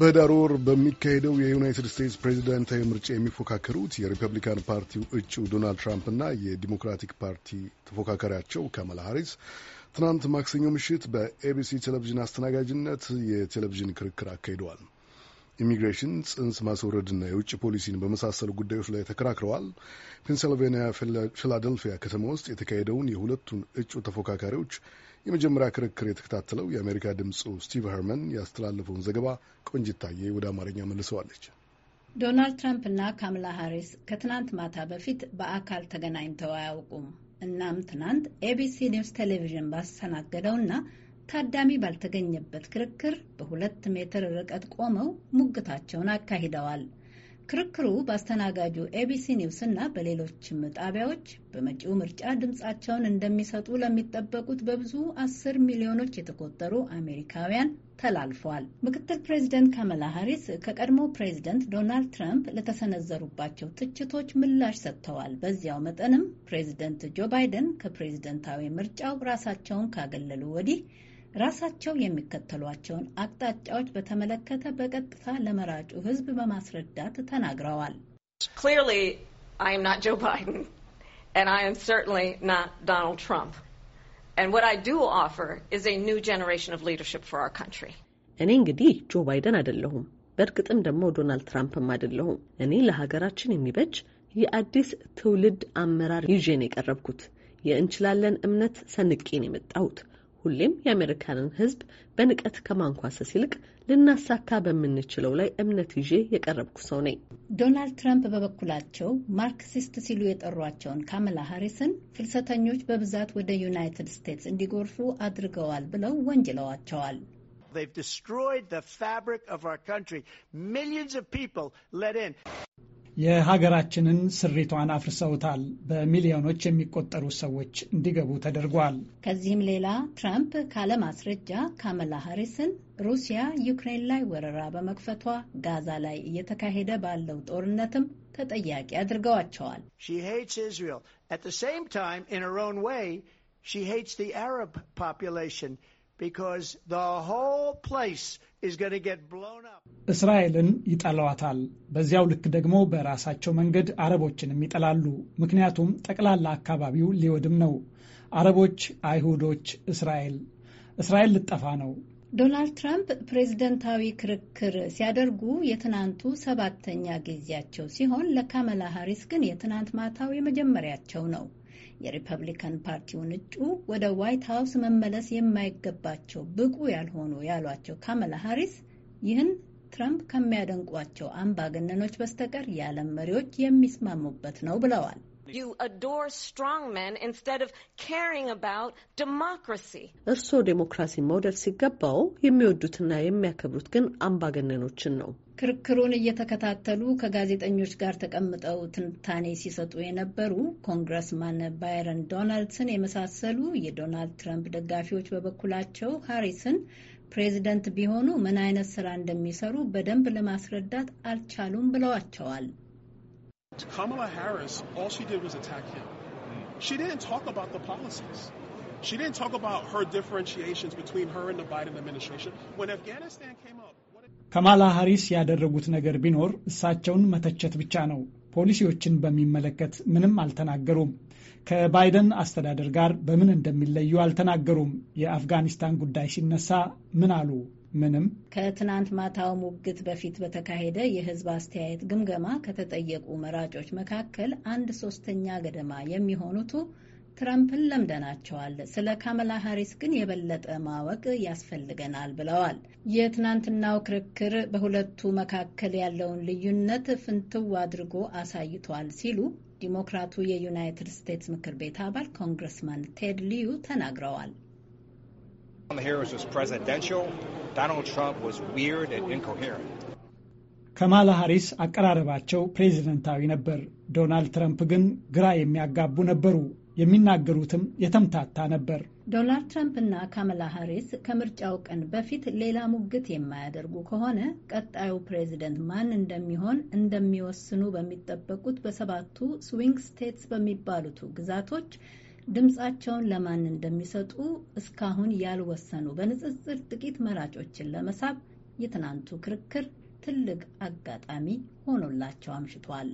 በህዳር ወር በሚካሄደው የዩናይትድ ስቴትስ ፕሬዚዳንታዊ ምርጫ የሚፎካከሩት የሪፐብሊካን ፓርቲው እጩ ዶናልድ ትራምፕና የዲሞክራቲክ ፓርቲ ተፎካካሪያቸው ካማላ ሃሪስ ትናንት ማክሰኞ ምሽት በኤቢሲ ቴሌቪዥን አስተናጋጅነት የቴሌቪዥን ክርክር አካሂደዋል። ኢሚግሬሽን፣ ጽንስ ማስወረድና የውጭ ፖሊሲን በመሳሰሉ ጉዳዮች ላይ ተከራክረዋል። ፔንሰልቬኒያ ፊላደልፊያ ከተማ ውስጥ የተካሄደውን የሁለቱን እጩ ተፎካካሪዎች የመጀመሪያ ክርክር የተከታተለው የአሜሪካ ድምፁ ስቲቭ ሀርመን ያስተላለፈውን ዘገባ ቆንጅታዬ ወደ አማርኛ መልሰዋለች። ዶናልድ ትራምፕ እና ካምላ ሃሪስ ከትናንት ማታ በፊት በአካል ተገናኝተው አያውቁም። እናም ትናንት ኤቢሲ ኒውስ ቴሌቪዥን ባስተናገደውና ታዳሚ ባልተገኘበት ክርክር በሁለት ሜትር ርቀት ቆመው ሙግታቸውን አካሂደዋል። ክርክሩ በአስተናጋጁ ኤቢሲ ኒውስ እና በሌሎችም ጣቢያዎች በመጪው ምርጫ ድምፃቸውን እንደሚሰጡ ለሚጠበቁት በብዙ አስር ሚሊዮኖች የተቆጠሩ አሜሪካውያን ተላልፏል። ምክትል ፕሬዚደንት ካመላ ሀሪስ ከቀድሞ ፕሬዚደንት ዶናልድ ትራምፕ ለተሰነዘሩባቸው ትችቶች ምላሽ ሰጥተዋል። በዚያው መጠንም ፕሬዚደንት ጆ ባይደን ከፕሬዚደንታዊ ምርጫው ራሳቸውን ካገለሉ ወዲህ ራሳቸው የሚከተሏቸውን አቅጣጫዎች በተመለከተ በቀጥታ ለመራጩ ሕዝብ በማስረዳት ተናግረዋል። እኔ እንግዲህ ጆ ባይደን አይደለሁም፣ በእርግጥም ደግሞ ዶናልድ ትራምፕም አይደለሁም። እኔ ለሀገራችን የሚበጅ የአዲስ ትውልድ አመራር ይዤን የቀረብኩት የእንችላለን እምነት ሰንቄን የመጣሁት ሁሌም የአሜሪካንን ሕዝብ በንቀት ከማንኳሰስ ይልቅ ልናሳካ በምንችለው ላይ እምነት ይዤ የቀረብኩ ሰው ነኝ። ዶናልድ ትራምፕ በበኩላቸው ማርክሲስት ሲሉ የጠሯቸውን ካመላ ሃሪስን ፍልሰተኞች በብዛት ወደ ዩናይትድ ስቴትስ እንዲጎርፉ አድርገዋል ብለው ወንጅለዋቸዋል። የሀገራችንን ስሪቷን አፍርሰውታል፣ በሚሊዮኖች የሚቆጠሩ ሰዎች እንዲገቡ ተደርጓል። ከዚህም ሌላ ትራምፕ ካለማስረጃ ካመላ ሀሪስን ሩሲያ ዩክሬን ላይ ወረራ በመክፈቷ ጋዛ ላይ እየተካሄደ ባለው ጦርነትም ተጠያቂ አድርገዋቸዋል። ሽ እስራኤልን ይጠሏታል። በዚያው ልክ ደግሞ በራሳቸው መንገድ አረቦችንም ይጠላሉ። ምክንያቱም ጠቅላላ አካባቢው ሊወድም ነው። አረቦች፣ አይሁዶች፣ እስራኤል እስራኤል ልጠፋ ነው። ዶናልድ ትራምፕ ፕሬዝደንታዊ ክርክር ሲያደርጉ የትናንቱ ሰባተኛ ጊዜያቸው ሲሆን ለካመላ ሃሪስ ግን የትናንት ማታው የመጀመሪያቸው ነው። የሪፐብሊካን ፓርቲውን እጩ ወደ ዋይት ሀውስ መመለስ የማይገባቸው ብቁ ያልሆኑ ያሏቸው ካመላ ሃሪስ ይህን ትራምፕ ከሚያደንቋቸው አምባገነኖች በስተቀር የዓለም መሪዎች የሚስማሙበት ነው ብለዋል። እርስዎ ዴሞክራሲን መውደድ ሲገባው የሚወዱትና የሚያከብሩት ግን አምባገነኖችን ነው። ክርክሩን እየተከታተሉ ከጋዜጠኞች ጋር ተቀምጠው ትንታኔ ሲሰጡ የነበሩ ኮንግረስማን ባይረን ዶናልድስን የመሳሰሉ የዶናልድ ትራምፕ ደጋፊዎች በበኩላቸው ሃሪስን ፕሬዚደንት ቢሆኑ ምን አይነት ስራ እንደሚሰሩ በደንብ ለማስረዳት አልቻሉም ብለዋቸዋል። Kamala Harris, all she did was attack him. She didn't talk about the policies. She didn't talk about her differentiations between her and the Biden administration. When Afghanistan came up, ካማላ ሃሪስ ያደረጉት ነገር ቢኖር እሳቸውን መተቸት ብቻ ነው። ፖሊሲዎችን በሚመለከት ምንም አልተናገሩም። ከባይደን አስተዳደር ጋር በምን እንደሚለዩ አልተናገሩም። የአፍጋኒስታን ጉዳይ ሲነሳ ምን አሉ? ምንም ከትናንት ማታው ሙግት በፊት በተካሄደ የህዝብ አስተያየት ግምገማ ከተጠየቁ መራጮች መካከል አንድ ሶስተኛ ገደማ የሚሆኑቱ ትራምፕን ለምደናቸዋል፣ ስለ ካመላ ሃሪስ ግን የበለጠ ማወቅ ያስፈልገናል ብለዋል። የትናንትናው ክርክር በሁለቱ መካከል ያለውን ልዩነት ፍንትው አድርጎ አሳይቷል ሲሉ ዲሞክራቱ የዩናይትድ ስቴትስ ምክር ቤት አባል ኮንግረስማን ቴድ ሊዩ ተናግረዋል። ካማላ ሃሪስ አቀራረባቸው ፕሬዚደንታዊ ነበር። ዶናልድ ትራምፕ ግን ግራ የሚያጋቡ ነበሩ። የሚናገሩትም የተምታታ ነበር። ዶናልድ እና ካማላ ሃሪስ ከምርጫው ቀን በፊት ሌላ ሙግት የማያደርጉ ከሆነ ቀጣዩ ፕሬዚደንት ማን እንደሚሆን እንደሚወስኑ በሚጠበቁት በሰባቱ ስዊንግ ስቴትስ በሚባሉት ግዛቶች ድምፃቸውን ለማን እንደሚሰጡ እስካሁን ያልወሰኑ በንጽጽር ጥቂት መራጮችን ለመሳብ የትናንቱ ክርክር ትልቅ አጋጣሚ ሆኖላቸው አምሽቷል።